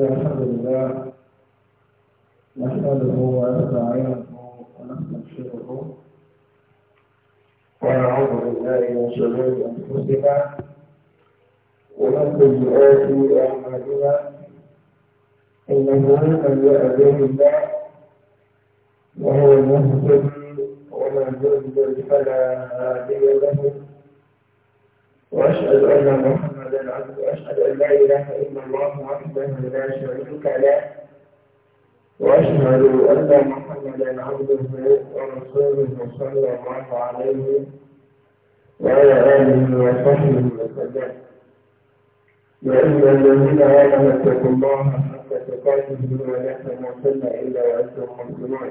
إن الحمد لله نحمده ونستعينه ونستغفره ونعوذ بالله من شرور أنفسنا ومن سيئات أعمالنا إنه من يهده الله وهو المهتد ومن يضلل فلا هادي له وأشهد أن محمدا واشهد ان لا اله الا الله وحده لا شريك له واشهد ان محمدا عبده ورسوله صلى الله عليه وعلى اله وصحبه وسلم يا ايها الذين امنوا اتقوا الله حق تقاته ولا تموتن الا وانتم مسلمون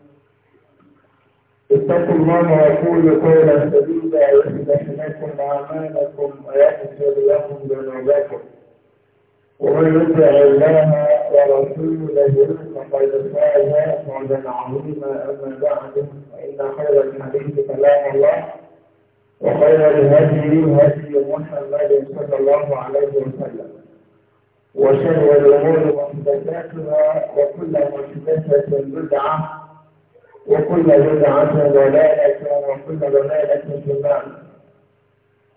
اتقوا الله وقولوا قولا سديدا يصلح لكم اعمالكم ويغفر لكم ذنوبكم ومن يطع الله ورسوله فقد فاز فوزا عظيما اما بعد فان خير الحديث كلام الله وخير الهدي هدي محمد صلى الله عليه وسلم وشر الامور محدثاتها وكل محدثه بدعه وكل بدعة ضلالة وكل ضلالة في النار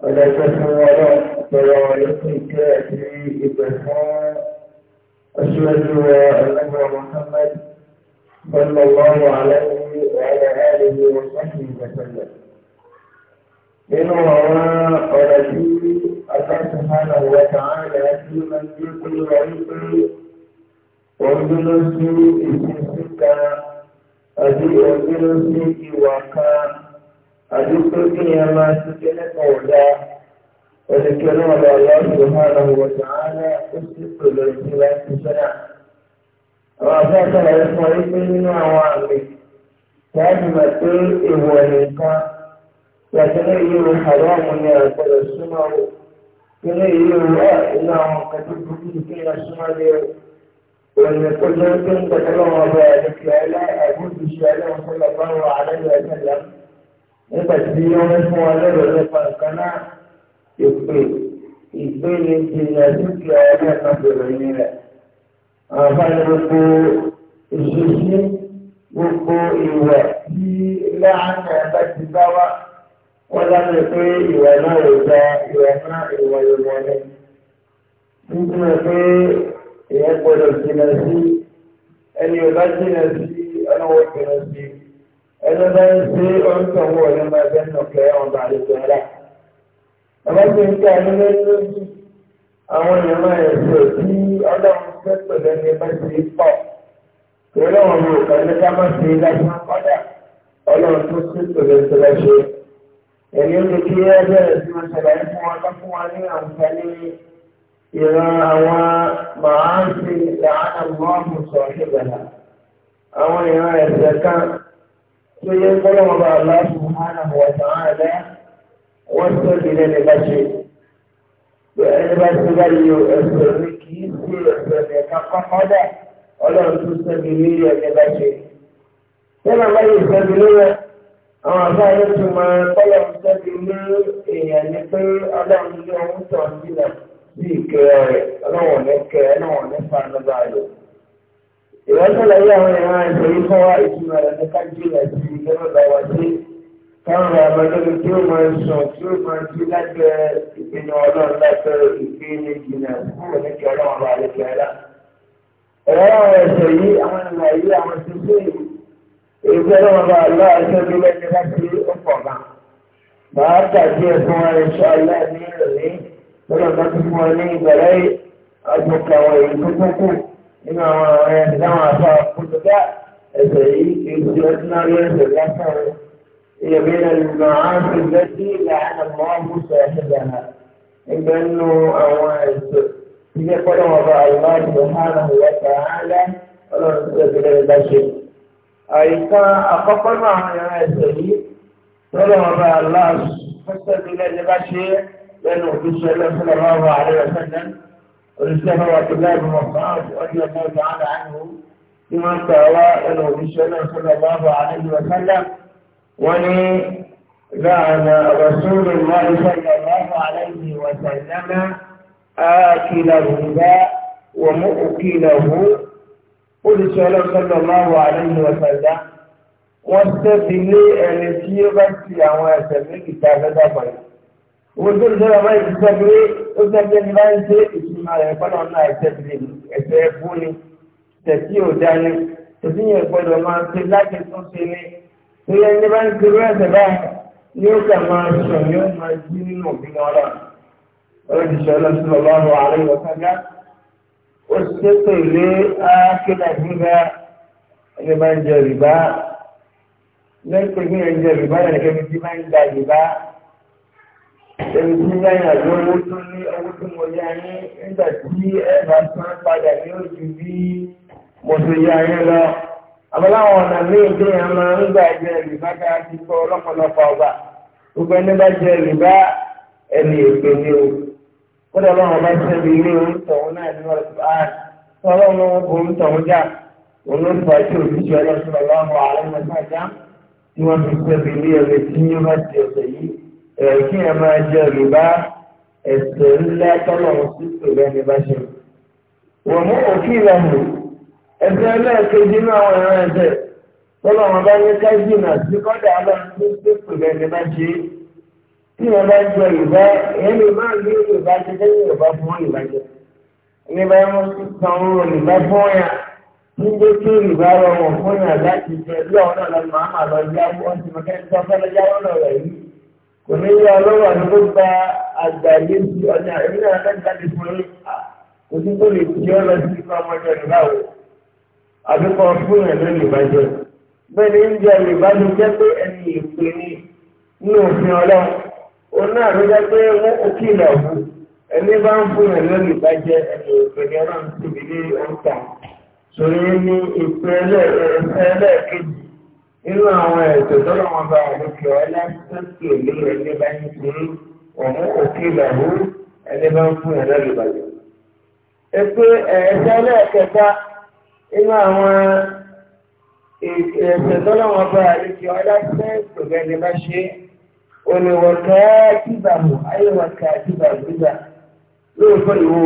ولا تسولوا طوالق كافي إبهاء أشهد أن محمد صلى الله عليه وعلى آله وصحبه وسلم nínú àwọn ọ̀rọ̀ tí aláṣàhánà wọ̀ta ààrẹ tí ó máa ń gbé kúrò àbí ọdún sí ìwà kan àbí pé kí ni a máa ti ṣe nípa ọ̀dà ẹnikẹ́ náà lọ lọ́sùn hàn àwọn sàánà ó sì pèlè ìṣúra ìṣiṣẹ́ náà. àwọn afẹ́fẹ́ rẹ̀ sọ wípé nínú àwọn àmì láti mọ̀ pé èèwọ̀ nìkan yàtọ̀ ní iye wo ni àgbọ̀dọ̀ súnmọ́ o. nínú iye wo wà nínú àwọn kàdúgbò kí ni kí ni a súnmọ́ lé o. ولكل يمكن تكلم ذلك لا أجوز شيئا صلى الله عليه وسلم nígbàtí wọn fún wa lọ́dọ̀ nípa nǹkan náà ìpè ìpè ní ìjìnlẹ̀ dúkìá ẹgbẹ́ kan bẹ̀rẹ̀ yín rẹ̀. àǹfààní gbogbo ìṣesí gbogbo ìwà tí láàánú ẹ̀ka ti bá wa wọn lábẹ́ pé ìwà náà ò da ìwà náà ìwà ìwà ni. nígbà pé èèyàn gbọ́dọ̀ jìnà sí ẹni ọba jìnà sí ọlọ́wọ́ jìnà sí ẹni bá ń ṣe ọ̀ǹtọ̀wọ́ ọ̀yọ́ máa bẹ́ẹ̀ nà kẹ́ ọ̀bà àlejò ẹ̀rá. bàbá tó ń tẹ àní lẹ́lẹ́lẹ́jì àwọn èèyàn máa yẹ sí òbí ọlọ́run fẹ́ pẹ̀lú ẹni bá ṣe pọ̀ pẹ̀lú àwọn ọmọ òkà ká má ṣe lásán kọ́dà ọlọ́run tó ṣe pẹ̀lú ẹ ìran àwọn màáṣí ìlànà mọ́ọ̀mù sọ̀hìbẹ̀lá àwọn ìran ẹ̀sẹ̀ kan tó yẹ kọ́lọ́mọ bá aláṣù hánà wọ̀tá àlẹ́ wọ́n tó nílé ní bá ṣe. ẹni bá ṣe bá yọ ẹ̀sẹ̀ mi kì í sí ẹ̀sẹ̀ nìkan pápádà ọlọ́run tó sẹ́mi lórí ẹni bá ṣe. sẹ́nà bá yọ sẹ́mi lórí àwọn àbá yóò tún máa kọ́lọ́mù sẹ́mi lórí èèyàn ní pé ọlọ́run ló ń tọ̀ sílẹ̀ bí ìkẹ́ rẹ̀ ọlọ́wọ̀n lẹ́kẹ́ ọlọ́wọ̀n lẹ́fà lọ́gbà rẹ̀. ìrọ́sọ̀lẹ̀ yà wọ́n ìran ẹ̀jẹ̀ yìí fún wa ìtumọ̀ rẹ̀ ní kájílẹ̀ sí lọ́dọ̀ wa sí káwọn àmọ́jọ́bí tí ó máa ń sùn tí ó máa ń jí lábẹ́ ìpinnu ọlọ́run lábẹ́ ìpinnu ìjìnà kúrò ní kí ọlọ́run bá lè kẹ́ ẹ̀rá. ẹ̀rọ àwọn ẹ̀sẹ̀ yìí àwọn ìwà yìí àwọn ti sí èyí ọlọ́run bá lọ́ àṣẹ bí lẹ́ni láti ọ̀pọ̀ kan. bàá tàbí ẹ̀fọn ẹ̀ṣọ́ aláìní rẹ̀ ní lọ́nà bá ti fún ọ ní ìbẹ̀rẹ̀ ọdún kàwọn èyí tó tó kù nínú àwọn ọ̀rẹ́ ìdáhùn àbá kúndùdá ẹ̀sẹ̀ yìí èyí ọdún náà yẹ ẹ̀sẹ̀ lásán rẹ̀. يبين المعاصي التي لعن الله صاحبها إذا أنه أوائل إذا قال وضع الله سبحانه وتعالى ọlọ́run tó ti lẹ́yìn bá ṣe. àyíká àkọ́kọ́ náà àwọn ẹ̀rọ ẹ̀sẹ̀ yìí lọ́dọ̀ wọn bá aláàṣù tó ti lẹ́yìn bá ṣe é. لأنه في صلى الله عليه وسلم ورسالة عبد الله بن رضي الله تعالى عنه بما استوى أنه في صلى الله عليه وسلم ولي لعن رسول الله صلى الله عليه وسلم آكل الغذاء ومؤكله قل صلى الله عليه وسلم واستدل أن يصيب السياوات من كتاب دفعه ojú ìjọba máa ń sọ pé ó sọ pé ní máa ń ṣe ìtumọ̀ rẹ̀ fọ́nà náà ẹ̀sẹ̀ fún ni tẹ̀sí ò dání tẹ̀sí yẹn gbọ́dọ̀ máa ṣe láti tún ṣe ní ilé ní bá ṣe irú ẹ̀sẹ̀ báyìí ni ó kà máa sọ ni ó máa jí nínú òbí náà lọ. olùdíṣẹ́ ọlọ́sùn ọlọ́run àárín ìwọ̀sájá ó ṣe pèlé akéda ẹni tí lẹ́yìn àjọ owó tó ní owó tí mo yá yín nígbà tí ẹ bá san padà ní oṣù bí mo ṣe yá yín lọ. àbáláwọn ọ̀nà míì tí yẹn máa ń gbà jẹ rìbá ká ti kọ́ ọlọ́pọ̀lọpọ̀ ọba gbogbo ẹni bá jẹ rìbá ẹni èpè ni o. kódà ọlọ́run bá ṣẹ́bi ilé oúntọ̀hún náà ní ọ̀rọ̀ tó ọlọ́run kò ń tọ̀hún já òun ló fà á tí òṣìṣẹ́ ẹ̀kí ẹ̀ máa jẹ́ olùbá ẹ̀sẹ̀ ńlá tọ́lọ́run sí pẹ̀lú ẹni bá ṣe. wọ́n mú òkè ìlànà ẹ̀sẹ̀ ẹlẹ́ẹ̀kejì náà wọ́n ẹ̀rọ ẹ̀sẹ̀ tọ́lọ́run bá ní kájí náà sí kọ́dà aláàbí sí pẹ̀lú ẹni bá ṣe. tí wọ́n bá jẹ́ olùbá ìyẹn lè má rí olùbá ṣe lẹ́yìn olùbá fún olùbá jẹ. ẹni bá wọn san olùbá fún yà nígbà tí olùbá rọrùn fún yà láti jẹ lọ́wọ́ náà kò ní yá ọlọ́wọ́ àti tó gba àgbà yé ti ọ̀nà èmi náà fẹ́ jáde fún mi kò sí tó lè fi ọ́ lọ sí ìfọ̀ ọmọdé nígbà wo àbíkọ fún yẹn ló lè bàjẹ́ bẹ́ẹ̀ ni ń jẹ́ ìbánu jẹ́ pé ẹni ìpè ní ní òfin ọlọ́run òun náà ló jẹ́ pé wọ́n ó kìlọ̀ fún ẹni bá ń fún yẹn ló lè ẹni ìpè ní ọlọ́run síbi ní ọ̀tà sòrí ní ìpè ẹlẹ́ẹ̀kejì nínú àwọn ètò tọ́lọ́ wọn bá wọn lókè ọlá sókè lé ẹni bá ń ṣe ọ̀mú òkè ìlàwó ẹni bá ń fún ẹ̀rọ ìbàdàn. èpè ẹ̀ẹ́sẹ̀ lẹ́ẹ̀kẹta nínú àwọn ètò tọ́lọ́ wọn bá wọn lókè ọlá sókè ẹni bá ṣe olùwọ̀ká tìbàmù ayéwọ̀ká tìbàmù gbígbà lóòótọ́ ìwò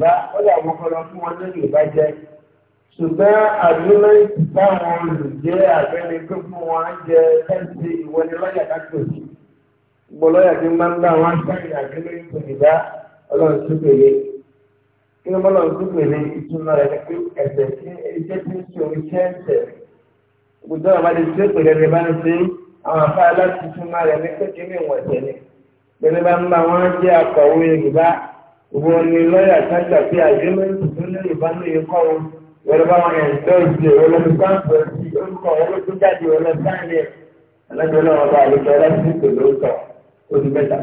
ọ̀gbọ́n ṣùgbọ́n àdúmẹ́ǹtì táwọn olùjẹ́ àgbẹ̀ni pé fún wọn jẹ ẹ̀ǹtì ìwọlé lọ́yà kákòsì gbọ́ lọ́yà tí máa ń bá wọn sáyìn àdúmẹ́ǹtì ìdá ọlọ́run súpèlé kí ló mọ́lọ́run súpèlé ìtumọ̀ rẹ̀ ni pé ẹ̀sẹ̀ tí iṣẹ́ tí ń ṣe òun iṣẹ́ ẹ̀sẹ̀ gbọ́dọ̀ àwọn àti ṣe pèlè rẹ̀ bá ń ṣe àwọn afá aláṣẹ túmọ̀ rẹ̀ ní ni pẹ̀lú bá ń bá wọn jẹ́ akọ̀wé ìrìbá òun ni lọ́yà sájà pé àdúmẹ́ǹtì tó lè ìbánú Yorùbá wọn yẹn tó ìdí olùkọ́ńtò ti olùkọ́ olùkújáde olùsáńdé alájọ náà wọn bá àlejò ọlọ́sìn tó lóòótọ́ oṣù mẹ́ta.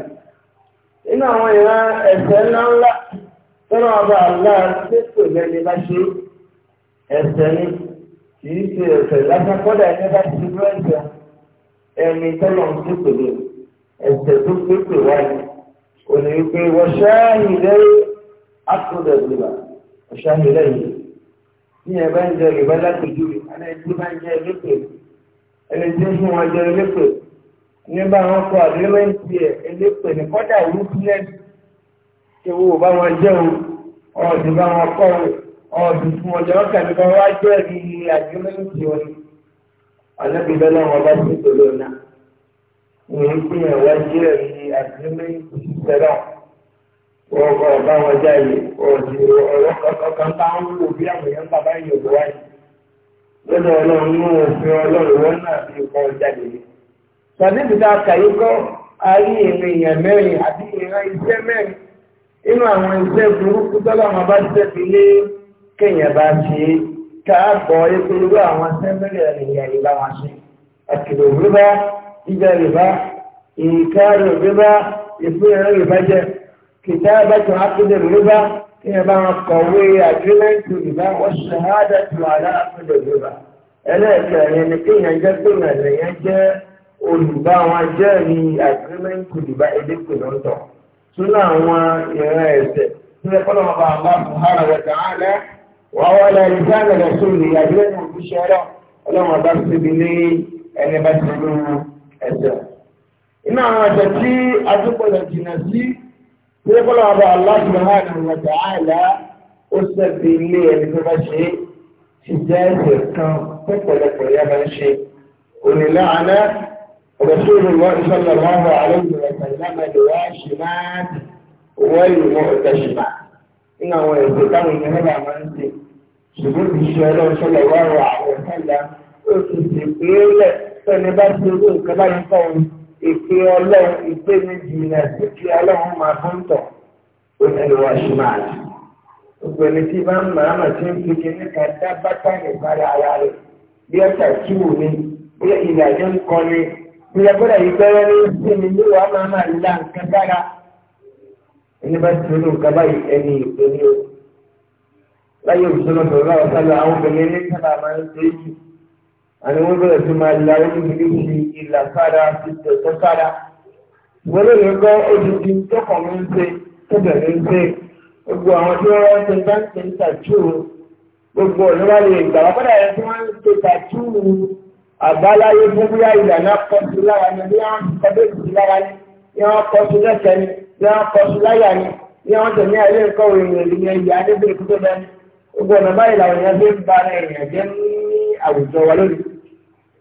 Inú àwọn ìran ẹ̀sẹ̀ ńlá ńlá tọ́lá ọba àlá tètò lẹ́ni bá ṣe ẹ̀sẹ̀ ni kìí ṣe ẹ̀sẹ̀ lásán kọ́dà ẹni bá ti dúró ẹ̀sẹ̀ ẹni ní ẹ̀bá ń jẹ ìbá látòjú rẹ̀ ẹni bá ń jẹ elépè ẹni tí ń fún wọn jẹ elépè nígbà wọn kọ àdéhùnmẹ́ǹtì ẹ̀ elépè ní kọ́dà wúkúlẹ̀ ṣe wo bá wọn jẹun ọ̀ọ́dì bá wọn kọ́ ọ̀ọ́dì fún wọn jẹ ọkàn nípa wọn wájú ẹ̀rí àdéhùnmẹ́ǹtì wọn ọ̀lẹ́bìbẹ́ lọ́wọ́ bá ti tòló náà ìwé pín ẹ̀wájú ẹ̀rí àdéhùnmẹ́ǹtì tẹ̀lọ́ ọkọ ọba ọjà jáde ọdì ọ̀rọ̀ kankan táwọn ń lò bí àwọn èèyàn bàbá yìí òbí wáyé lọ́dọ̀ ọlọ́run ní òfin ọlọ́run wọn náà fi a kàyé kọ́ ayé ìrìn èèyàn àbí ìran iṣẹ́ mẹ́rin inú àwọn burúkú bá fi lé bá ṣe é ká epo irú àwọn wọn ṣe. àkìlò òbí bá ìjà كتابة عقد الربا كما قوي أجمعت الربا والشهادة على عقد الربا ألا كان كي يجبنا ليجا olùbá wọn jẹ́rìí àgbẹ̀mẹ́ǹkù ìdìbà ẹ̀dẹ́kù lọ́tọ̀ tún àwọn ìran ẹ̀sẹ̀ tí wọ́n kọ́ lọ́wọ́ bá a bá fún hàrà wọ̀ tàn án lẹ́ wọ́n wọ́n lẹ́ ìgbà mẹ́lẹ̀ sóòlù àgbẹ̀mẹ́ǹkù ìbúṣẹ́ ọlọ́ ọlọ́wọ́n bá síbi ní ẹni bá ti lóru ẹ̀sẹ̀. iná àwọn ẹ̀sẹ̀ tí adúgbò lọ jìnnà sí يقول الله سبحانه وتعالى أسر في اللي يعني في مشي في الجاسر فتلك يا مشي وللعنة رسول الله صلى الله عليه وسلم الواشمات والمؤتشمات إنه هو يستطيع أن هذا مرسي شبه الشهداء صلى الله عليه وسلم أسر في اللي يقول كما يقول ìpè ọlọ́run ìgbéni jìnnà síkì ọlọ́run máa fún tọ̀ onílùwà ṣùmáàlì gbogbo ẹni tí bá ń màámà tí ń fi kíní kan dá bátà nìbára ara rẹ̀ bí ọ̀tà tí wò ní bí ìdájọ́ ń kọ́ ni bí agbọ́dọ̀ yìí gbẹ́rẹ́ ní sinmi ní wàá máa máa la nǹkan dára ẹni bá ti rí nǹkan báyìí ẹni ìpè ní o láyé òṣèlú ọ̀sán lọ́wọ́ àwọn obìnrin ní sábà máa ń ṣe é jù àni wọ́n bẹ̀rẹ̀ sí máa la oríṣiríṣi ìlàkàrà ìtẹ̀tẹ̀kàrà wọ́n lè gbọ́ odidi tọkànmí ń ṣe tẹ̀bẹ̀rẹ̀ ń ṣe gbogbo àwọn tí wọ́n ṣe bá ń ṣe ń tàjú gbogbo ọ̀nà wà lè gbà wọ́n padà yẹ kí wọ́n ṣe tàjú àbáláyé fún ìlànà kọsí lára ni bí wọ́n ti kọ́dé lára ni bí wọ́n kọsí lẹ́sẹ̀ ni bí wọ́n kọsí láyà ni bí wọ́n tẹ̀lé ayé nǹkan òyìnbó ìyẹn ìyá níbi ìkútó dání gbogbo ọ̀nà báyìí làwọn èèyàn fi ń ba ara èèyàn jẹ́ ní àwùjọ wa lónìí.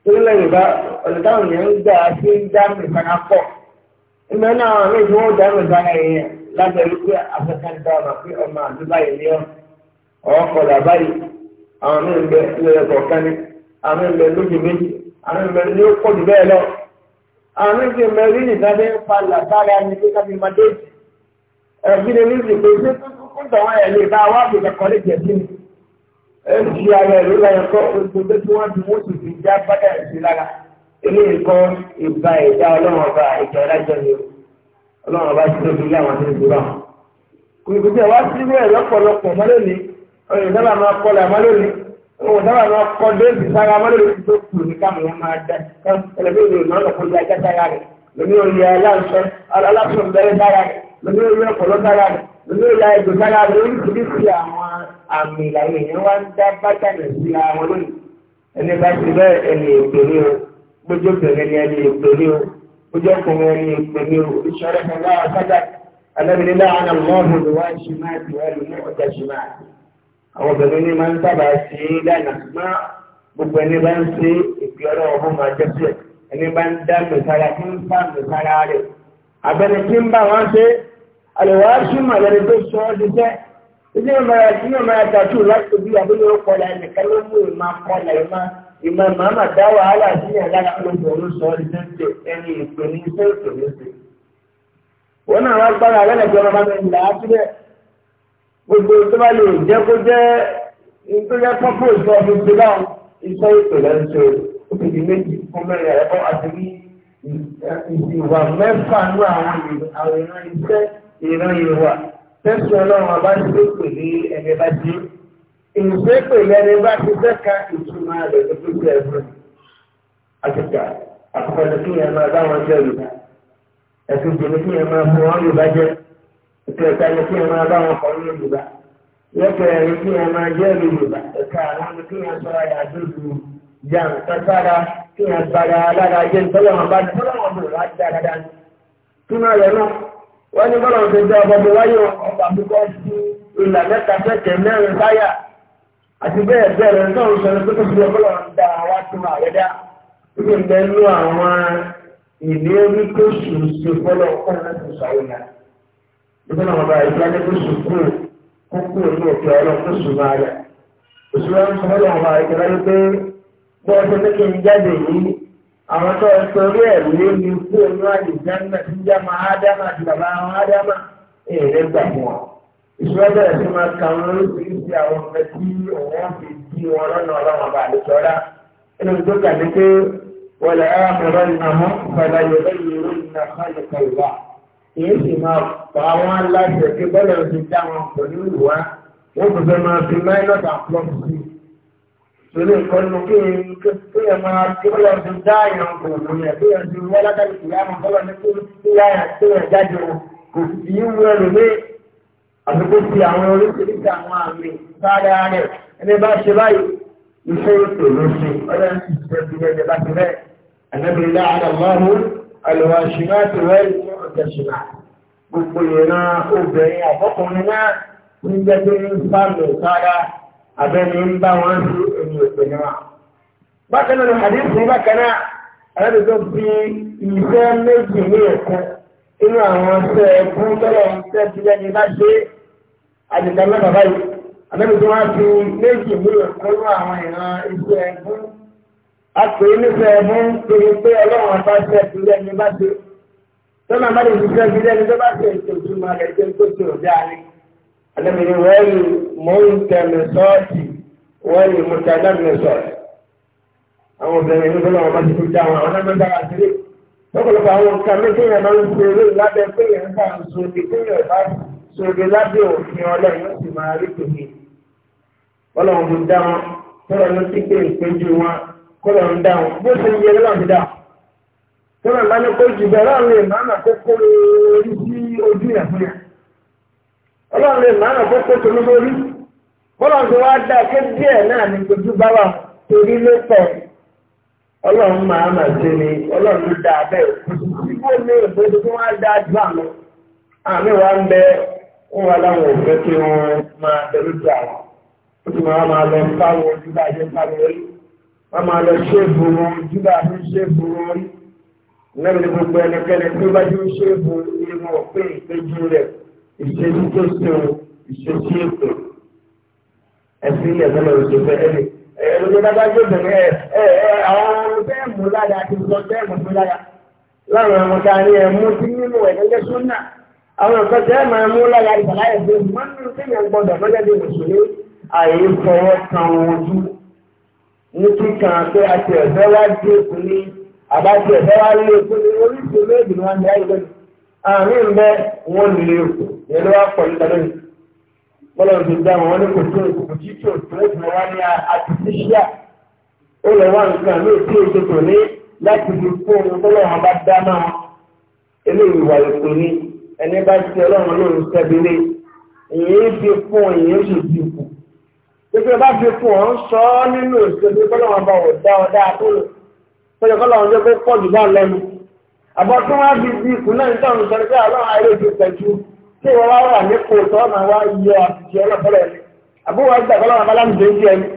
torílẹ̀ yorùbá ọ̀nà táwọn ń gbà sí dáàmú ìpara pọ̀ náà àwọn méjì wọ́n dáàmú ìpara yẹn pé afẹ́kán dáàmú pé ọmọ àbí báyìí ni ọ́ àwọn kọ̀ọ̀kan àwọn méjì àwọn ó pọ̀ jù bẹ́ẹ̀ lọ àwọn ń pé máa dé ẹ̀bí ni ẹ̀ lè bá ẹ̀jì ara ẹ̀ ló lọ́yọ̀ kọ́ gbogbo tí wọ́n ti wọ́n sì fi já bádà sí lára ilé ìkọ́ ìgbà ìdá ọlọ́run ọba ìjà ìdájọ́ ni ọlọ́run ọba ti tóbi ilé àwọn tó ń gbúra. kò ìgbésẹ̀ wá sí ilé ẹ̀ lọ́pọ̀lọpọ̀ mọ́lẹ́ni ọ̀rẹ́ sábà máa kọ́ la mọ́lẹ́ni ọ̀rẹ́ sábà máa kọ́ déèbì sára mọ́lẹ́ni tó kù ní káàmù yẹn máa dá ẹlẹ́gbẹ̀rún náà lọ́kọ́ lórí orí ọpọlọ dára lórí ìlà ẹgbẹ dára lórí oríṣiríṣi àwọn àmì ìlànà èèyàn wá ń dá bátànà sí àwọn lónìí ẹni bá ti bẹ́ẹ̀ ẹni èpèrè o gbójú bẹ̀rẹ̀ ni ẹni èpèrè o gbójú ọkùnrin ẹni èpèrè o ìṣọ̀rẹ́ kan lára sájà alábìnrin láwọn ọmọọmọ ló wá ṣe máa ti wá lónìí ọjà ṣe máa àwọn obìnrin ni máa ń sábà ṣe é lánàá má gbogbo ẹni bá ń ṣe ìpè ọ̀rọ̀ ọ̀hún máa jẹ́ sí ẹni bá ń dá mẹ́sára kí ń fà mẹ́sára rẹ̀ àbẹ̀ni kí ń bá wọn ṣe é àlèwàásùmọ̀ lẹ́ni tó sọ ọ́ ti tẹ́ ilé ìmọ̀ra ilé ìmọ̀ra tàtú láti bí abúlé ọpọlọ ẹnìkan ló mú ìmọ̀ akọlẹ̀ ìmọ̀ ìmọ̀ màmá dá wàhálà sílẹ̀ lára olóògùn sọ ọ́ ti tẹ́ ẹni ìpè ní iṣẹ́ ìpè ní iṣẹ́. wọn náà wá gbára alẹ́lẹ́gbẹ́ ọmọ mi là á sílẹ̀ gbogbo tó bá lè jẹ́ kó jẹ́ nítorí pọ́pọ́ ìṣọ́ ọdún ti bá iṣẹ́ ìpè lẹ́nu òkèdè méjì fún mẹ́rin ẹ̀kọ́ àti ìwà mẹ́fà ní àwọn ìran iṣẹ́ ìran ìwà tẹ́sí ọlọ́run ọba ti ló pè ní ẹni bá jí ìṣe pè lẹ́ni bá ti fẹ́ka ìtumọ̀ rẹ̀ lójú sí ẹ̀fọ́ àtìkà àkọọ́lẹ̀ kí ẹ máa bá wọn jẹ́ yorùbá ẹ̀sùn jẹ̀mí kí ẹ máa fún wọn yorùbá jẹ́ ètò ẹ̀ka ni kí ẹ máa bá wọn kọ́ ní yorùbá yẹ́kẹ̀rẹ́ kí ẹ máa jẹ́ yorùbá ẹ̀ka àwọn kí ẹ sọ̀rọ̀ yàtúndù jàm kására kí ẹ gbàgbà alára jẹ́ ntọ́lọ́wọ́n bá ntọ́lọ́wọ́n bò wọ́n ní bọ́lá òṣèlú jẹ́ ọmọdé wáyé ọkọ̀ àbúkọ́ sí ìlà mẹ́ta fẹ́kẹ̀ mẹ́rin táyà àti bẹ́ẹ̀ bẹ́ẹ̀ rẹ̀ náà ń sọ pé kó sílẹ̀ bọ́lá ń da wá tó àwẹ́dá níbi ń bẹ́ẹ̀ lú àwọn ìlérí tó sùn sí fọ́lọ́ ọkọ̀ láti sàwọn ìlà. nígbà náà bàbá ìgbà ní kó sùn kúrò kó kúrò ní òkè ọlọ́ kó sùn máa rẹ̀. òṣùwọ̀n sọ fọ́lọ́ àwọn tó ń sọ orí ẹ̀rù lé ní ikú ẹ̀rọ àlùjáná tí ń jáma ádámà àti bàbá àwọn ádámà èèrè gbà fún ọ. ìṣúná bẹ̀rẹ̀ sí máa ka wọn lóṣìṣẹ́ àwọn ọmọ tí òun fi di wọn lọ́nà ọlọ́run ọba àlùsọ́lá. ẹnu tó kà ní pé wọ́n lè ara mọ̀rọ̀ ìnáwó padà yọ̀rọ̀ ìró ìnáwó ìkọ̀ ìwà. èyí sì máa pa àwọn aláṣẹ pé bọ́lá ti ilé ìkọlù kí ẹ máa kí ó lọ sí dáàyàn òògùn yẹn kí ẹ ju wọ́n látàrí kìí àmọ́ tọ́lọ́ ní kí yáyà kí ẹ jáde o kò sì ti ń wúrọ̀ lómi àbíkó ti àwọn oríṣiríṣi àwọn àmì sáadà rẹ̀ ẹni bá ṣe báyìí iṣẹ́ ètò ló ṣe ọlọ́run sì ṣe fi ẹ̀jẹ̀ bá ti bẹ́ẹ̀ ànábì ilé àdàmọ́hún àlùwàṣìmá ti abẹ́ni ń bá wọn sí èmi òpè ní wa. bákan náà àdéhùn bákan náà alábẹ́tọ́ bí ìfẹ́ méjì ní ẹ̀kọ́ inú àwọn ṣẹ́ ẹ̀kú tọ́lọ̀ ń tẹ́ ti lẹ́ni bá ṣe àdìgbà mẹ́ta báyìí àbẹ́bẹ̀tọ́ wọn fi méjì ní ẹ̀kọ́ inú àwọn ìran iṣẹ́ ẹ̀kú àpè nífẹ̀ẹ́ ẹ̀mú torí pé ọlọ́run àbá ti lẹ́ni bá ṣe tọ́lá bá lè ṣiṣẹ́ ti lẹ́ni tó bá ṣe ètò ìtumọ̀ rẹ̀ alábìrin wọ́ọ̀lù mọ́ńtẹ̀mẹsọ́ọ̀tì wọ́ọ̀lù mọ́tàdámẹsọ́ọ̀tì àwọn obìnrin nígbà náà wọ́n bá ti fi dá àwọn àwọn ẹgbẹ́ dára sílẹ̀ lọ́pọ̀lọpọ̀ àwọn nǹkan méjèèyàn máa ń ṣe eré lábẹ́ pé yẹn ń bá ń so ní pé yẹn bá so ní lábẹ́ òfin ọlọ́run yóò sì máa rí tòmí. ọlọ́run ti dá wọn tọ́lọ̀ ló ti gbé ìpéjú wọn kọ́lọ̀ ń dá wọn bó ṣe ń yẹ lọ́wọ́ ti dá wọn. tọ́lọ̀ bá ní kó jù bẹ́ẹ̀ láwọn lè má mà kó kó orí sí ojú ìyàfúnyà. ọlọ́run lè máa nà fún kótó lórí bọ́lọ̀n tó wá dá ké díẹ̀ náà ní gbogbo bá wà torí ló pọ̀ ọlọ́run máa ni ọlọ́run ló dá abẹ́ tó wá dá àmọ́ àmì wa ń bẹ wọn wà láwọn òfin kí wọn máa jù àwọn ó sì máa máa lọ gbogbo ẹnikẹ́ni tó bá ìṣesí tó ṣe o ìṣesí ètò ẹsìn ilẹ̀ mẹ́lẹ̀ oṣù fẹ́ ẹni ẹ̀rọ̀dẹ́ bàbá yóò bẹ̀rẹ̀ ẹ̀ ẹ̀ àwọn bẹ́ẹ̀ mú lára àti sọ bẹ́ẹ̀ mú lára láwọn ọmọ tá a ní ẹ̀ mú sí nínú ẹ̀dẹ́gẹ́ sọ́nà àwọn nǹkan tẹ́ ẹ̀ máa mú lára ìbàlá ẹ̀dẹ́ mọ́ nínú kéèyàn gbọ́dọ̀ mọ́lẹ́ bí mùsùlùmí àyè fọwọ́ kan ojú ní kíkan pé àti ẹ̀fẹ́ wá dé kùnú àbájẹ ẹ̀fẹ́ wá lé kùnú oríṣiríṣi méjì ni wọ́n àárín bẹ wọn lè kù yẹn ló wá pọ̀ ìtàlẹ́ bọ́lá òjò dá wọn ní kò tó kò tí tó tó ó tún wá ní àtìsíṣíà ó lọ wá nǹkan ní òtí èso tó ní láti fi kó ohun tó lọ́wọ́ bá dá náà wọn eléyìí wà lóko ní ẹni bá ti ọlọ́run lóhùn sẹ́bílé èyí fi kún èyí sì fi kù pípẹ́ bá fi kún ọ̀ ń sọ ọ́ nínú òṣèlú kọ́lọ́wọ́n bá wò dá ọ dáa tó lò pé kọ́lọ́wọ́n jẹ́ pọ̀ jù bá lẹ́nu àbọ̀tún wá bí bí ikùn náà nítorí òun sọ̀rọ̀ pé àwọn ààrẹ ti pẹ̀jú tí wọ́n wá wà ní kò tó ọmọ wa yọ àtìjì ọlọ́pẹ̀rẹ̀ ni àbúrò ẹgbẹ́ ọlọ́wọ́ alámìdé ń jẹ ni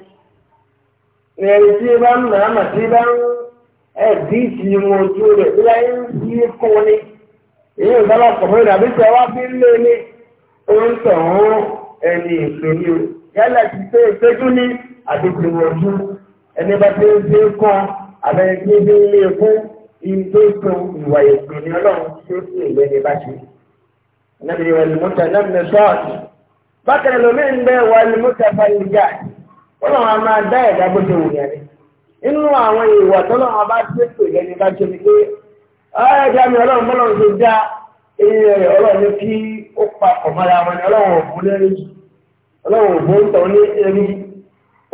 ẹ̀rí tí bá ń mọ̀ àmà tí bá ń ẹ̀dí ti wọn ojú rẹ̀ bí wọ́n ń yí kún ni èyí ń sọ́lá kọ̀ọ̀mọ́ ìrìn àbí tẹ wá fi ń lé ní oun ẹni èso yálà ti pé ìpéjú ní àdìgbò ẹni bá ti ń fi kún àbẹ̀yẹ ilé tó ìwà ìpè ní ọlọ́run tó sì èlé ní báṣe. Nàbí wà ní mọ́tà náà ní sọ́ọ̀tì. Bákan lómi ń bẹ wà ní mọ́tà ma Wọ́n náà máa dá ẹ̀dá bó ṣe wù yẹn ni. Inú àwọn ìwà tọ́lọ́ wọn bá ṣe pè lé ní báṣe ni pé ẹ̀ẹ́dá mi ọlọ́run bọ́lọ̀ ṣe já eyín rẹ̀ ọlọ́run ní kí ó wọn ni ọlọ́run ò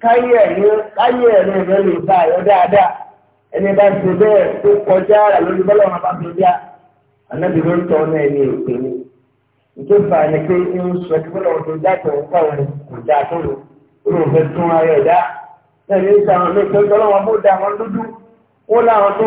káyé ẹ̀rẹ́ rẹ lè bá àyọ́ dáadáa ẹni bá ṣe bẹ́ẹ̀ tó kọjá rà lórí bọ́lá wọn bá fi bíá ànábì ló ń tọ́ náà ẹni èpè ni nítorí fà ní pé sọ kí bọ́lá wọn tó dájọ́ káwọn kò dáa tó lò ó fẹ́ tún ara ẹ̀ dá ní bó da dúdú ó láwọn tó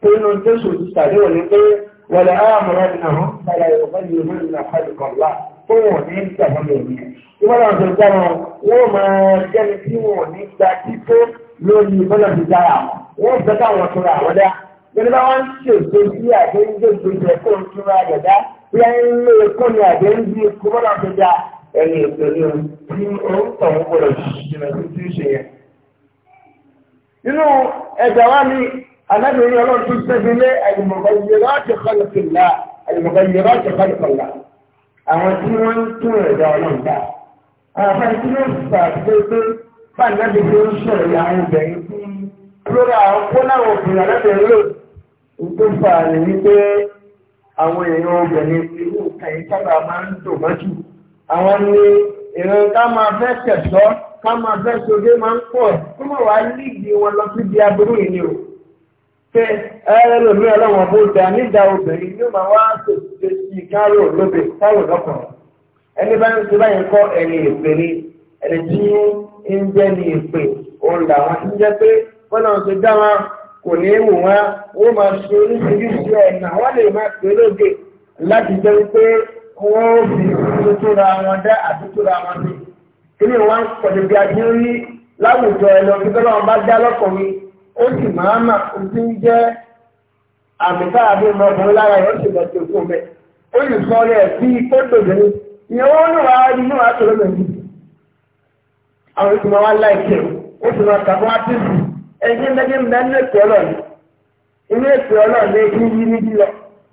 pé inú jésù ti ṣàdéwò ní pé wọlé àmọ́ra ni àwọn ìgbàlá yorùbá yìí ló ń lọ àpàdé kọ̀ọ̀lá tó wọ̀n ní ìjàmbá mi òní. ìwọ́n náà tó dára wọ́n máa jẹ́ni tí wọ́n ní gba tító lórí bọ́lá ti dára wọ́n fẹ́ káwọn tóra àwọn dá. bá wọ́n ń ṣètò sí àdéhùn gbèsè kó ń tóra àgbàdá bí wọ́n ń lé kó ní àdéhùn bí kó mi alábìnrin ọlọ́run tún sẹ́fin lé àlùmọ̀gbọ̀nyẹ̀rọ̀tì kọlùkìlá àlùmọ̀gbọ̀nyẹ̀rọ̀tì kọlùkọlá àwọn tí wọ́n ń tún ẹ̀dá ọlọ́run dá àwọn afẹ́ tí wọ́n fà pé pé fàànàbì tó ń sọ̀rọ̀ ya àwọn obìnrin tí lórí àwọn kó láwọn obìnrin alábìnrin lò ń tó fà ní wípé àwọn èèyàn obìnrin irú kàyí sábà máa ń dò mọ́jú àwọn ni èèyàn ká máa fẹ́ tẹ̀sọ́ ká máa fẹ́ sojé máa ń pọ̀ kó mọ̀ wá líìgì wọn lọ sí di aburú yìí ni o pé ẹ̀rọ mi ọlọ́wọ́n bó da nígbà obìnrin yóò máa wá sòṣìṣẹ́ sí i káàró lóbe káàró lọ́kùnrin ẹni bá ń ṣe báyìí kọ́ ẹni èpè ni ẹni tí ń jẹ́ ni èpè òun làwọn ti ń jẹ́ pé bọ́lá ń ṣe dá wọn kò ní wò wọn wọ́n máa ṣe oríṣiríṣi ẹ̀nà wọ́n lè máa pè lóde láti jẹ́ pé wọ́n fi tuntun ra wọn dá àtúntò ra wọn sí kí ni wọ́n pọ̀jù bí a ti ń rí láwùjọ ẹ̀ lọ kí tọ́lọ́wọ́n bá dá lọ́kùnrin ó sì máa mà ojú ń jẹ́ àmì káàbí ọmọkùnrin lára yóò sì lọ sí òkú mẹ́ ó sì sọ rẹ̀ bí ó dòdò ní ìyẹn wọ́n ní wàá rí níwàá tó lọ́nà yìí àwọn ìtumọ̀ wa láìpẹ́ ó sì máa kàkọ́ àtìsí ẹ̀yìn lẹ́yìn mẹ́rin ètò ọlọ́ọ̀ni inú ètò ọlọ́ọ̀ni èyí yí níbí lọ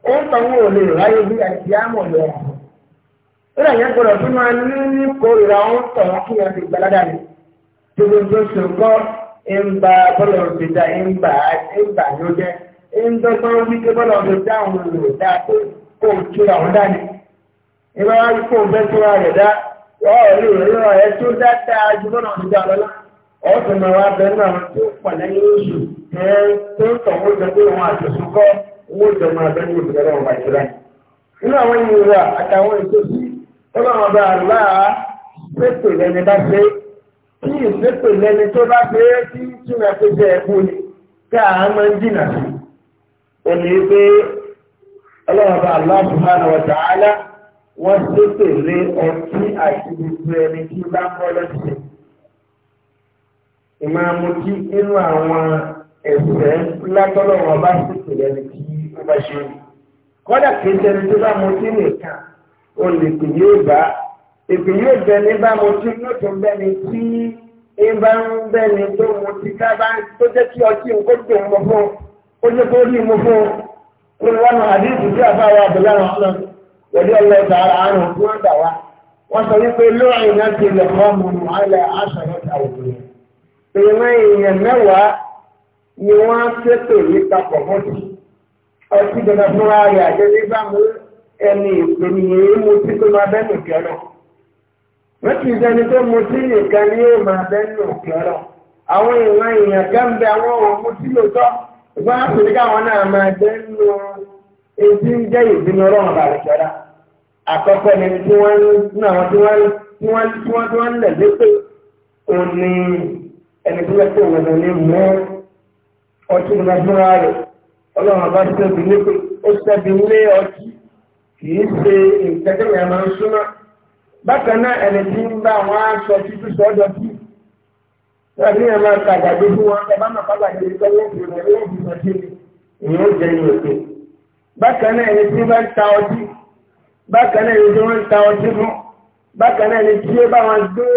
ó ń tọ́ wọn ò lè ráyè bí àìsí àmọ̀ lọ́wọ́ ìrà yẹn gbọdọ̀ tó máa ní kórìíra ó ń tọ̀ wá kí ni gbogbo tó ṣe ń ba bọ́lọ̀ ti da ń bà ní ó jẹ́ ń dọ́gbọ́n wípé bọ́lọ̀ ti dá àwọn olùrò dá pé kó o tú àwọn dání ìwé wá kó o fẹ́ tó ra rẹ̀ dá ọ̀ọ́lù ìrọ̀ ẹ̀ tó dáadáa ju bọ́lọ̀ ti dá lọ́lá ọ̀sùn náà wá bẹ́ẹ̀ náà tó pọ̀ lẹ́yìn oṣù ẹ̀ tó ń tọ̀wọ́ jọ pé òun àtẹ̀sùn kọ́ owó jọ máa bẹ́ẹ̀ ní ìbùdó ọ̀bà ìṣúra nínú àwọn ìrora àtàwọn ìtòsí ọlọ́run ọba àlá pépè lẹ́ni bá ṣe é ní ìfẹ́pè lẹ́ni tó bá gbé tí túnra pé jẹ́ ẹ̀kú ni tí a máa ń jìnà sí. ó ní pé ọlọ́run bá Allah subhanahu wa ta'ala wọ́n ṣépè lé ọtí àti gbogbo ẹni tí bá kọ́ lọ́sẹ̀. ìmáàmù tí inú àwọn ẹ̀sẹ̀ látọ́lọ́ wọn bá ṣépè lẹ́ni tí ó bá ṣe. kọ́dà kìí ṣẹni tó bá mu sí nìkan olùkù yóò bá èpè yóò bẹ ní bá mu sí yóò tún bẹ ní tí. ìbá ń bẹ́ni tó mu ti ká bá ń tó jẹ́ kí ọtí ń kó dùn fún ó jẹ́ kó rí mu fún ó ní wọn àdéhùn sí àbáwá àbẹ̀lẹ̀ àwọn ọ̀nà wẹ̀dí ọlọ́ọ̀dà ara àrùn tí dà wá sọ wípé ti lè mu nù alẹ́ àṣàyàn àwòrán ìwọ̀n ni wọ́n ti sẹ́ni tó mo sí nìkan ní yóò máa bẹ́ nù lọ́rọ̀ àwọn ìwọ̀n èèyàn kan bẹ àwọn ọ̀hún mo sí lòótọ́ ìgbọ́n àpèjì káwọn náà máa bẹ́ nù ń jẹ́ ìdínú ọlọ́run bàlùkọ́dá àkọ́kọ́ ni tí wọ́n ń tí wọ́n tí wọ́n tí wọ́n tí wọ́n lẹ̀ lépè tó ní mú ọtí nígbà rẹ̀ ọlọ́run bákan náà ẹni tí ń bá wọn aṣọ títí sọ́dọ̀ sí tàbí ẹ̀ máa tàgbàgbé fún wọn ẹ bá máa pàgbàgbé ìtọ́ lóògùn rẹ̀ lóògùn rẹ̀ sí ni èyí ó jẹ ìyẹn pé bákan náà ẹni tí bá ń ta ọtí bákan náà ẹni tí wọ́n ń ta ọtí fún bákan náà ẹni tí ó bá wọn gbé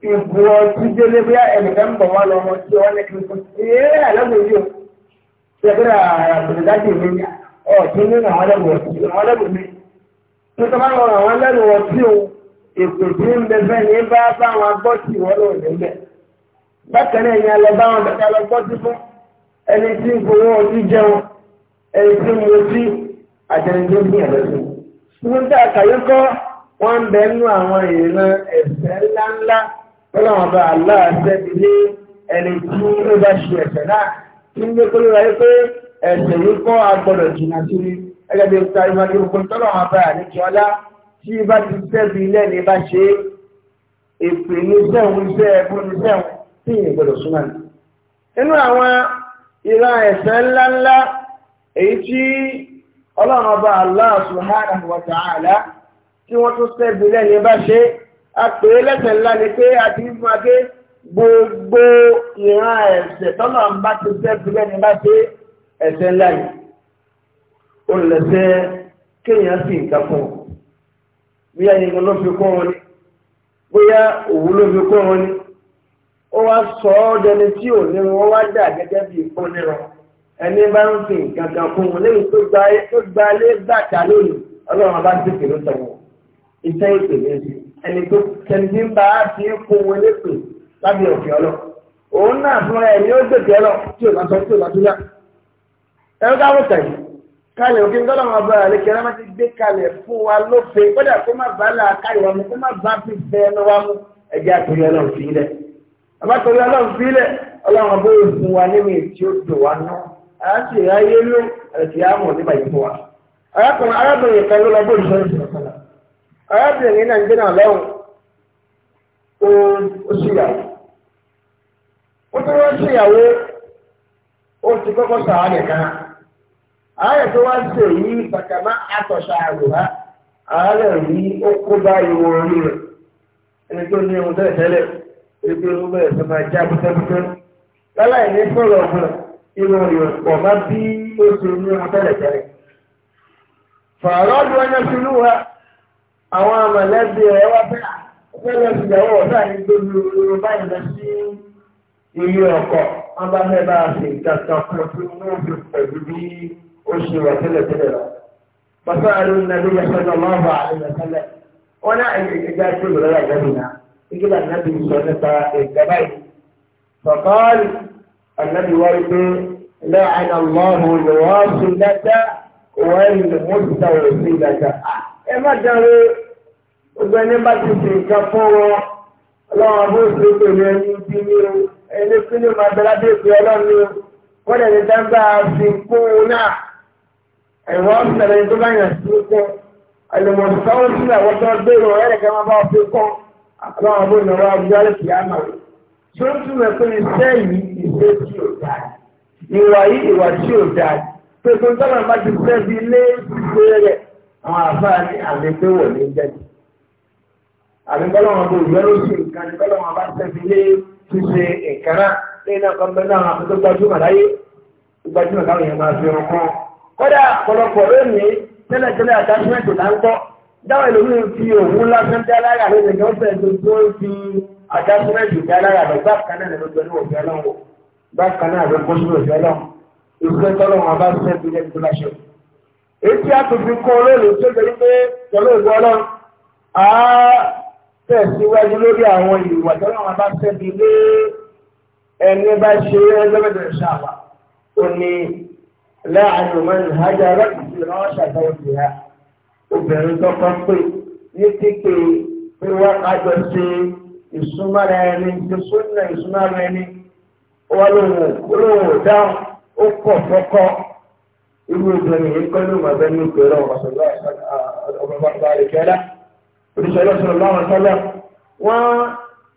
ìbò ọtí délé bí ẹnìkan ń bọ̀ wọn lọ tí wọn ní kí n fún ìyẹn àlọ́gbò yìí o ṣẹ̀dúrà àtòlùdájì o èpè tí ń bẹ fẹ́ ní bá báwọn agbọ́sí wọ́n lò níbẹ̀. bákan náà ìyẹn lọ báwọn bẹ̀rẹ̀ lọ gbọ́sí fún ẹni tí ń fowó ọtí jẹun ẹni tí ń mutí àtẹnudé bí ẹ̀rọ sí. wọ́n dá àkàyé kọ́ wọ́n ń bẹ nú àwọn ìran ẹ̀ṣẹ̀ ńláńlá lọ́nà wọn bá aláàṣẹ ilé ẹni tí ó bá ṣe ẹ̀ṣẹ̀ náà tí ń gbé kóló ra pé ẹ̀ṣẹ̀ yìí kọ́ agbọ́dọ̀ jìnnà sí ẹgbẹ́ tí bá ti tẹ́bi lẹ́ni bá ṣe èpè ní sẹ́wọ̀n iṣẹ́ ẹ̀kọ́ ní sẹ́wọ̀n tí ìyẹn gbọ́dọ̀ súnmọ́ ni. nínú àwọn ìran ẹ̀sẹ̀ ńláńlá èyí tí ọlọ́run ọba Allah subhanahu wa ta'ala tí wọ́n tún tẹ́bi lẹ́ni bá ṣe àpè lẹ́sẹ̀ ńlá ni pé àti fún adé gbogbo ìran ẹ̀sẹ̀ tọ́nà ń bá ti tẹ́bi lẹ́ni bá ṣe ẹ̀sẹ̀ ńlá yìí. ó lẹ̀sẹ̀ kéèyàn sì ń kà bóyá yìnyín ló fi wọn ni bóyá òwú ló fi wọn ni ó wá sọ ọ́ dẹni tí ò ní wọn wá dà gẹ́gẹ́ bí ẹni bá ń fi fún wọn tó gba lé lónìí ọlọ́run bá ti ló sọ wọn iṣẹ́ ìpè ẹni tó bá ti wọn lépè lábẹ́ òfin ọlọ́ òun náà fúnra ẹ̀ ni kalẹ̀ òkè ńgọ́dọ̀ wọn bá rẹ̀ kí ẹ̀rọ ti gbé kalẹ̀ fún wa lófe kódà kó má bá là káyọ̀ mu kó má bá fi bẹ ẹnu wa mu ẹjẹ́ àtòrí ọlọ́run fi lẹ̀ bàbá torí ọlọ́run fi lẹ̀ fún wa nínú ètí ó dùn wa ná àá sì ló ẹ̀sìn àmọ̀ nígbà yìí wa. arákùnrin arábìnrin kan ló lọ bó ìṣọ́ ìṣòro kan arábìnrin náà ààrẹ tó wá sí èyí bàtàmá àtọ̀ṣà àrùbá ààrẹ rí ó báyìí wọ orí rẹ̀ ẹni tó ní ohun tẹ́lẹ̀ tẹ́lẹ̀ ebi ohun bẹ̀rẹ̀ tó máa já bútẹ́bútẹ́ láláì ní sọ̀rọ̀ ìwọ̀n má bí ó ṣe ní ohun tẹ́lẹ̀ tẹ́lẹ̀. fàrọ́dù lù wá àwọn ẹ̀ wá fẹ́lẹ̀ ìyàwó ní lọ sí a ó ṣe wà tẹ́lẹ̀tẹ́lẹ̀ lọ. Bàbá àrùn nàbí yasọ́nà máa wà àrùn tẹ́lẹ̀. Wọ́n náà ẹ̀jẹ̀ ẹja tó lọ lọ́la ìjọba náà. Igi bá nàbí sọ nípa ìjọba yìí. Fọ̀kọ́ọ̀lì ànábì wá wípé láàánà lọ́hùn ìwọ́sùn dáta wọ́n mọ́tà òsì dáta. Ẹ má dáre gbogbo ẹni bá ti ṣe nǹkan fún wọn. Ọlọ́run abó ṣe pẹ̀lú ẹni ẹ̀rọ ọ̀sẹ̀rẹ̀ tó bá yàn sí kọ́ ẹlòmọ̀sáwọ́ sí àwọn tó gbèrò ẹ̀rẹ̀ kan bá fi kọ́ àkọ́ àwọn ọmọ ìnáwó abúlé kì á mà wọ́n. tó ń túmọ̀ pé iṣẹ́ yìí ìṣe tí ò dáa ìwà yìí ìwà tí ò dáa pé kó tọ́lá bá ti fẹ́ bí ilé ìgbé rẹ̀ àwọn àfáà ní àlégbé wọ̀ ní jẹ́jẹ́. àbíkọ́lọ́ wọn bò yọ lóṣù nǹkan àbíkọ́lọ́ wọn bá kọ́dà ọ̀pọ̀lọpọ̀ lónìí tẹ́lẹ̀tẹ́lẹ̀ àtàkùnmẹ́tò là ń kọ́ dáwọn ìlòmíì fi òun lásán dá lára lónìí kan fẹ́ tó tó ń fi àtàkùnmẹ́tò dá lára lọ bá kan náà lọ́jọ́ ní òfin ọlọ́run bá kan náà lọ́jọ́ sí òfin ọlọ́run ìfẹ́ tọ́lọ́run abá fẹ́ fi lẹ́nu tó láṣẹ. èyí a tó fi kọ́ olóòlù tó lè pé tọ́lọ́ ìlú ọlọ́run á tẹ̀síwájú lórí àwọn ìwà ẹni bá ṣe ẹgbẹ́ láàánú máa ń hájà lọ́kùnrin lọ́wọ́ ṣàtọ́jú ha obìnrin tó kọ́ pé ní pípé pé wọ́n kájọ ṣe ìsúnmọ́ra ẹni ṣe súnà ìsúnmọ́ra ẹni wọ́n lòun olóhùn dáhùn ó pọ̀ fọ́kọ́ irú obìnrin yìí kọ́ ló máa bẹ́ ní ìpè rẹ̀ ọ̀bọ̀bọ̀bọ̀ àlùkẹ́lá oríṣiríṣi ọlọ́sọ̀rọ̀ láwọn sọ́lá wọ́n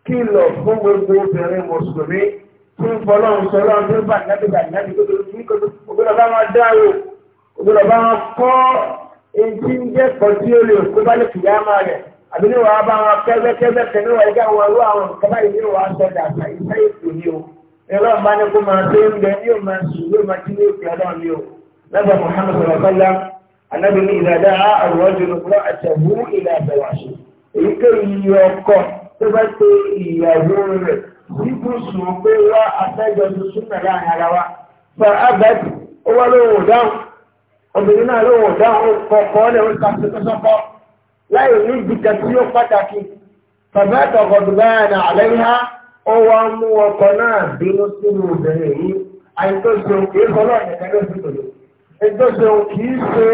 kìlọ̀ fún gbogbo obìnrin mùsùlùmí. tó ń fọlọ́ ń sọ lọ́run tó ń bà jáde bà jáde tó ní kótó ògbọ́dọ̀ bá wọn dáwò ògbọ́dọ̀ bá wọn kọ́ èyí tí ń jẹ́ kọ́ tí ó lè kó bá lè kìyà máa rẹ̀ àbí ní wàá bá wọn kẹ́fẹ́kẹ́fẹ́ kẹ́ni wàá yíká wọn rú àwọn nǹkan báyìí ní o síbùsù pé wá afẹ́jọ tuntun náà láàrin ara wa sọ abẹ́tì ó wá lóhùn ọ̀dáhùn obìnrin náà lóhùn ọ̀dáhùn kọ̀ọ̀kọ́ lè ń kàṣe sọ́kọ́ láì ní ìdíkà tí ó pàtàkì bàbá àtọ̀gọ̀dùgbàyàn àlẹ́yìnhá ó wá mú ọkọ̀ náà bínú sínú obìnrin yìí àìtọ́sẹ̀hùn kìí sọ́lọ́ ẹ̀kẹ́ ló sì tòló ẹ̀tọ́sẹ̀hùn kìí ṣe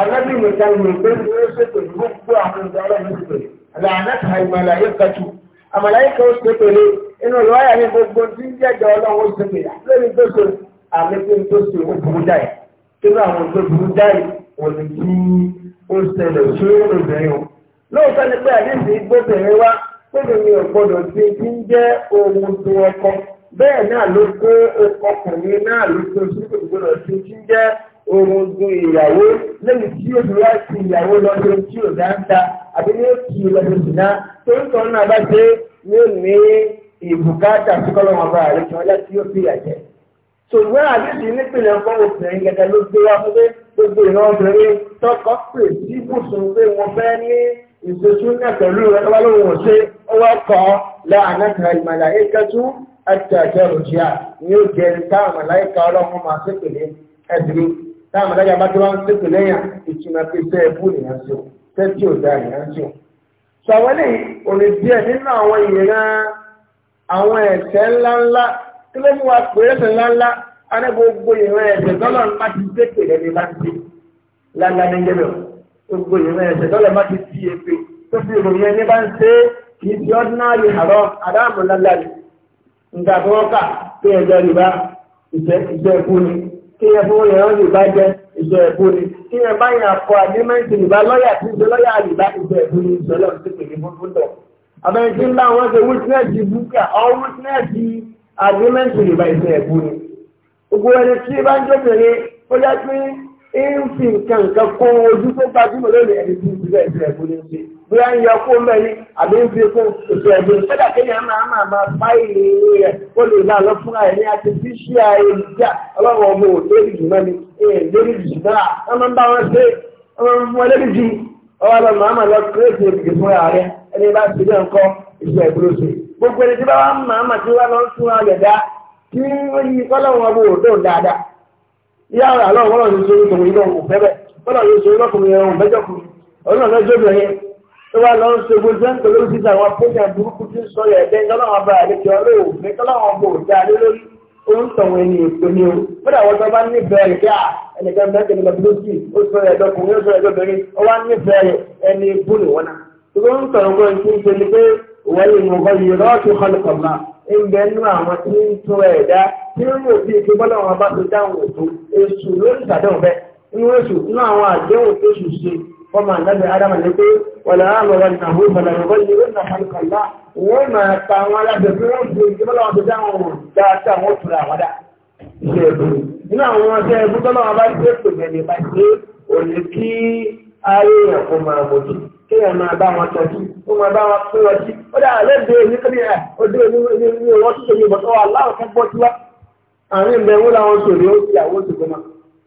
alábìnrin kan ló gbé ní ó ṣètò ìgbókùn àwọn ìjọba ìṣètò àlànà àìmọ̀lá yóò kẹ́tù àmàláyíkà ó ṣe pèlè inú ìwáyà ní gbogbo tí ń jẹ́jọ ọlọ́run ó ṣe pèlè lórí tó ṣe àmì pé tó ṣe ó burú jáì nínú àwọn tó burú jáì òní tí ó ṣẹlẹ̀ ṣé obìnrin o. lóòótọ́ ni pé àdéhùn ìgbóbìnrin wá gbọ́dọ̀ ni ò gbọ́dọ̀ ti ti ń jẹ́ ohun tó ọkọ bẹ́ẹ̀ náà ló kó ọkùnrin náà ló tó ṣe kò gbọ́dọ̀ ti ti ń jẹ́ ohun tó ìyàwó lẹ́yìn tí ó fi wá ti ìyàwó lọ́dún tí ò dáńtà àbí ní kì í lọ́dún ṣìnà tó ń tọ́ náà bá ṣe yóò ní ìbùkátà sí kọ́lọ́mọ bá rẹ̀ kí wọ́n já sí yóò fi àjẹ́. ṣùgbọ́n àdéhùn nípìnlẹ̀ fún obìnrin gẹ́gẹ́ ló gbé wá fún pé gbogbo ìran obìnrin tọkọ pè sí ibùsùn pé wọ́n fẹ́ ní ìṣesúnà pẹ̀lú rẹ̀ lọ́wọ́ lóhùn ọ̀ṣẹ́ ọwọ́ kọ́ láàánú ìmàlà ẹ̀kẹ́tù àti àjẹ́ òjìyà ni ó jẹ́ táwọn màláìka ọlọ́run máa ṣèpèlé ẹ̀dùn táwọn màláìka bá ti wá ń ṣèpèlé yàn ìtumọ̀ pé iṣẹ́ ẹ̀bù nìyẹn ṣe o tẹ́tí ò dáa ìyá tí ò. sọ àwọn eléyìí òní díẹ̀ nínú àwọn ìran àwọn ẹ̀ṣẹ̀ ńláńlá kí ló mú wa pè é ẹ̀ṣẹ̀ ńláńlá aná gbogbo ìran ẹ̀ṣẹ̀ tọ́lọ̀ bá ti dé pèlè ní bá ti dé lálá ní jẹ́bẹ̀ gbogbo ìran ẹ̀ṣẹ̀ tọ́lọ̀ bá ti di èpè tó fi ìròyìn ẹni bá ń ṣe kì í ṣe ordinary àrọ́ àdáàmú lálá ni nǹkan tó wọ́n kà pé ẹ̀jẹ̀ rìbá ìṣẹ́ ìṣẹ́ ẹ̀kú ni kí ẹ̀fọ́ kí ẹ bá yàn fọ àdémẹ́ǹtì ìbá lọ́yà tí ń ṣe lọ́yà àlùbá ìbẹ̀ ìbúni ìṣọ̀lọ́ ti pèlè fúnfún tọ̀. àbẹ̀yìntì ńlá wọn ṣe wítínẹ́ẹ̀sì búkà ọ wítínẹ́ẹ̀sì àdémẹ́ǹtì ìbá ìṣẹ̀ ìbúni. gbogbo ẹni tí bá ń jókèrè ó yá pé ń fi nǹkan nǹkan kó ojú tó gbajúmọ̀ lónìí ẹni tí ìbílẹ̀ ìṣẹ̀ bóyá ń yọ kó mẹ́rí àbí ń fi kún ètò ẹ̀dùn sọ́dà kéèyàn máa máa máa fáìlì rẹ̀ ó lè máa lọ fún àti ọmọ ò lórí jù lórí jù wọ́n máa ń bá wọn ṣe wọ́n máa ń jù ọwọ́ màá máa lọ fún ààrẹ ẹni bá ti gbogbo ẹni tí bá máa máa ti wá lọ fún tó bá lọ ń ṣe gbogbo ń pèlú títà àwọn apóṣà burúkú tí ń sọ yẹ ẹ̀dẹ́ ìjọlọ́wọ́ bá àlejò ọlọ́ọ̀fẹ́ tọ́lọ́wọ́ bò dá lé lórí ó ń tọ̀wọ̀ ẹni èpè ní o fúnra àwọn tó bá nífẹ̀ẹ́ rẹ̀ kíá ẹnìkan mẹ́tẹ̀ nígbà tó sì ó sọ ẹ̀dọ́ ọkùnrin ó sọ ẹ̀dọ́ obìnrin ó wá nífẹ̀ẹ́ rẹ̀ ẹni bú ni wọn náà tó ń tọ̀wọ̀ ẹni tí ń ṣe ni pé wọ́n yìí mo kọ́ yìí rọ́ọ̀tì kọlùkọ̀mà ń bẹ nínú àwọn tí ń tún ẹ̀dá tí ń wò bíi pé bọ́lá wọn bá ti dáhùn ètò èṣù lórí ìtàdé fọ́mà lẹ́bẹ̀ adama ní pé wọ̀lẹ̀ àmọ̀rọ̀ ìnáwó fọ̀lẹ̀rọ̀gọ́ yìí ló nà kàlùkàlá wọ́n máa ta àwọn alábẹ̀ pé wọ́n fi ìjọba wọn tó dáhùn dáadáa wọ́n tura àwádà iṣẹ́ ẹ̀bù nínú àwọn ọṣẹ ẹ̀bù tó náà bá ṣe pè mẹ́lì bá ṣe òní kí ayé ẹ̀kọ́ máa mọ̀jú kí ẹ̀ máa bá wọn tọ́jú ó máa bá wọn pé wọn jí ó dà lẹ́gbẹ̀ẹ́ oní kí ọdẹ oní wọ́n tó ṣe ní ìbọ̀tọ́ aláwọ̀ kan gbọ́ tiwa àárín ìbẹ̀wò làwọn ṣòro ìyàwó ṣòro náà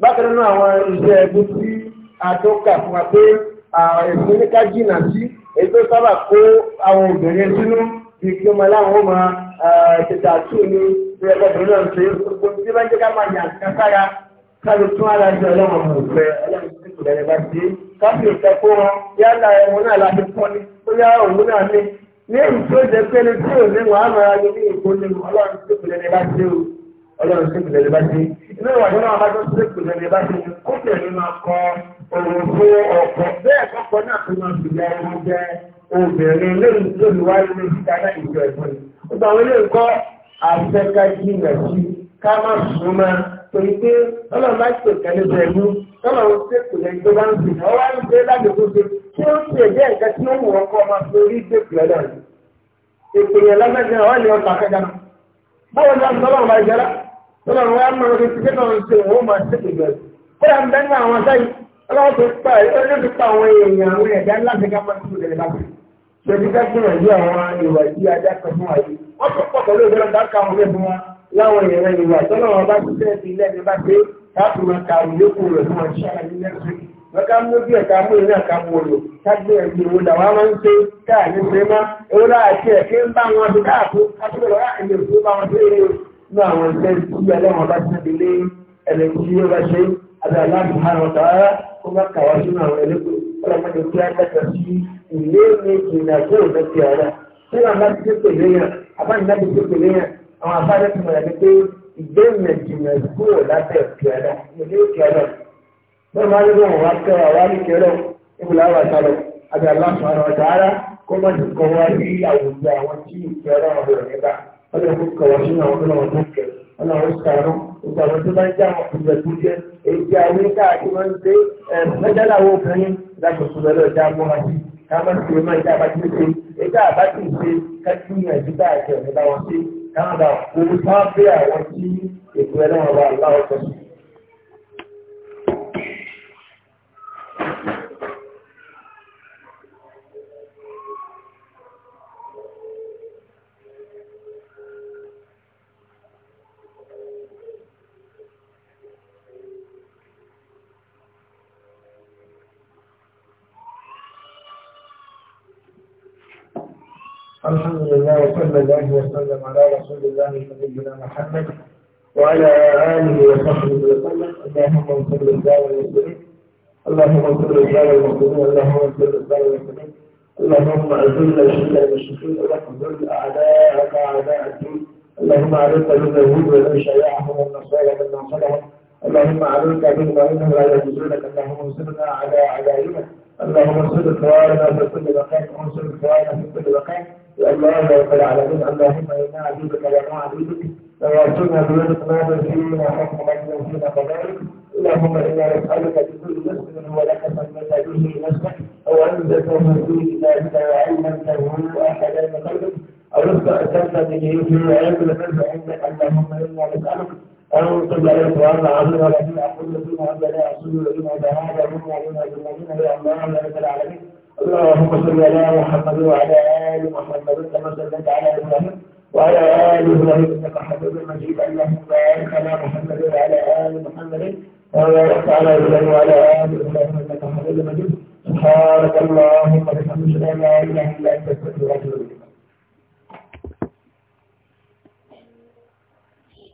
bákan náà àwọn iṣẹ́ ẹbí tí a tó kà fún wa pé ẹ̀sìn ní ká jìnnà sí èyí tó sábà kó àwọn obìnrin sínú bí kí ọmọ aláwọ̀ máa tètè àtú ni bí ẹgbẹ́ obìnrin náà ṣe gbogbo tí wọ́n jẹ́ ká máa yàn kására kálu tún ara ṣe ọlọ́run mọ̀ fẹ́ ọlọ́run tí kò lẹ́yìn bá ṣe káfí ìtẹ́kọ́ ní èyí tó jẹ́ pé ní tí ò ní wàá máa ní ní ọlọ́run tí kò lẹ́yìn bá ṣe ọlọ́run tí kò lẹ́yìn bá ṣe ilé ìwàdí náà bá jọ sí ìpìlẹ̀ ní báyìí kó tẹ̀lé máa kọ òun fún ọ̀pọ̀ bẹ́ẹ̀ kọ́kọ́ náà tó máa fi ya ẹni jẹ́ obìnrin lẹ́yìn tó lè wáyé ní ìta náà ìjọ ẹ̀gbọ́n ni. gbogbo àwọn ilé ìkọ́ àfẹ́ká jìnà sí ká má sùn máa torí pé ọlọ́run bá ṣe ìkẹ́lẹ́ pẹ̀lú tọ́lọ́run ṣe ìpìlẹ̀ tó bá ń sìn náà wá ń gbé lágbègbè ṣe kí ó ṣe jẹ́ ẹ̀ka tí ó wù ọkọ ọmọ torí gbèpìlẹ̀ náà. ìpìlẹ̀ lọ́gbẹ̀dẹ̀ ọ̀ lọ́nà wọn á mọ orí ti kéka wọn ṣe òun máa ṣe ìbẹ̀rù kódà ń bẹ́ẹ̀ ní àwọn sáyé ọlọ́wọ́ tó pa ẹ̀yọ́ tó pa àwọn èèyàn àwọn ẹ̀dá láti ká máa tún lẹ̀ lábẹ́ ṣèbí ká gbìyànjú àwọn ìwà yìí ajá kan fún àyè wọ́n tó pọ̀ pẹ̀lú ìgbẹ́rọ̀ dáká wọn lé fún wa láwọn èèyàn ìwà tọ́lọ́ wọn bá tún sẹ́ẹ̀tì ilé ẹni bá dé káàtó máa ka ìyókù rẹ̀ fún ọ̀ṣẹ́ àyè lẹ́sìn wọ́n ká ṣe bí ní àwọn iṣẹ́ tí ọlọ́run bá ti délé ẹni tí ó bá ṣe adàlá àrùn tààrà kó má kàwá sínú àwọn ẹlẹ́gbẹ́ ọlọ́mọdé tí a gbàgbọ́ sí ìlé ní ìrìnà tó ò lọ́ọ́ ti ọ̀rọ̀ tí wọ́n bá ti ṣe pèlè yàn àbáyé náà ti ṣe pèlè yàn àwọn afárẹ́ ti mọ̀ ní pé ìgbé ìrìnàjìnà kúrò lábẹ́ ìkẹ́rẹ́ ìlé ìkẹ́rẹ́ bẹ́ẹ̀ máa ń tààrà kó má ti kọ́ wá sí àwùjọ àwọn tí ìkẹ́rẹ́ ọ̀rọ̀ nígbà ọlọ́run kọ̀ wá sínú àwọn ọlọ́run tó kẹ̀ ọlọ́run sàrún gbogbo àwọn tó bá ń jẹ́ àwọn ìjọ tó jẹ́ èyí àwọn káàkiri máa ń gbé ẹ̀ẹ́dẹ́gbẹ́ làwọn obìnrin láti sọ lọ́dọ̀ já mọ́ wa sí káwọn sì máa ń jẹ́ àbájú ṣe èyí àbájú ṣe kájú ìyànjú bá àjẹ́ ọ̀nà bá wọn ṣe káwọn bá owó sáfẹ́ àwọn tí ètò ẹlẹ́wọ̀n wa láwọn sọ sí. وصلى الله وسلم على رسول الله نبينا محمد وعلى آله وصحبه وسلم اللهم انصر الدار المسلمين اللهم انصر الدار المسلمين اللهم انصر الدار المسلمين اللهم أذل الشرك والمشركين اللهم ذل أعداءك أعداء الدين اللهم من باليهود ومن شيعهم والنصارى من ناصرهم اللهم عليك بما إنهم لا يجوزونك اللهم انصرنا على أعدائنا اللهم صل قوائنا في كل مكان صل قوائنا في كل مكان يا الله يا رب العالمين اللهم انا عبيدك ولا عبيدك ويعطينا بيدك ناظر فينا حكمك فينا كذلك اللهم انا نسالك بكل مسلم هو لك سميت به نفسك او انزلته في كتابك وعلمته احدا من قلبك او رزق اسلمت به في علم الغيب عندك اللهم انا نسالك أنتم لا يتوانى عظيم ولكن أقول لكم أن لا يعصوا لكم أن هذا من وعلم الذين بأمان ذلك العالمين اللهم صل على محمد وعلى آل محمد كما صليت على إبراهيم وعلى آل إبراهيم إنك حميد مجيد اللهم بارك على محمد وعلى آل محمد وبارك على إبراهيم وعلى آل إبراهيم إنك حميد مجيد سبحانك اللهم وبحمدك لا إله إلا أنت أستغفرك وأتوب إليك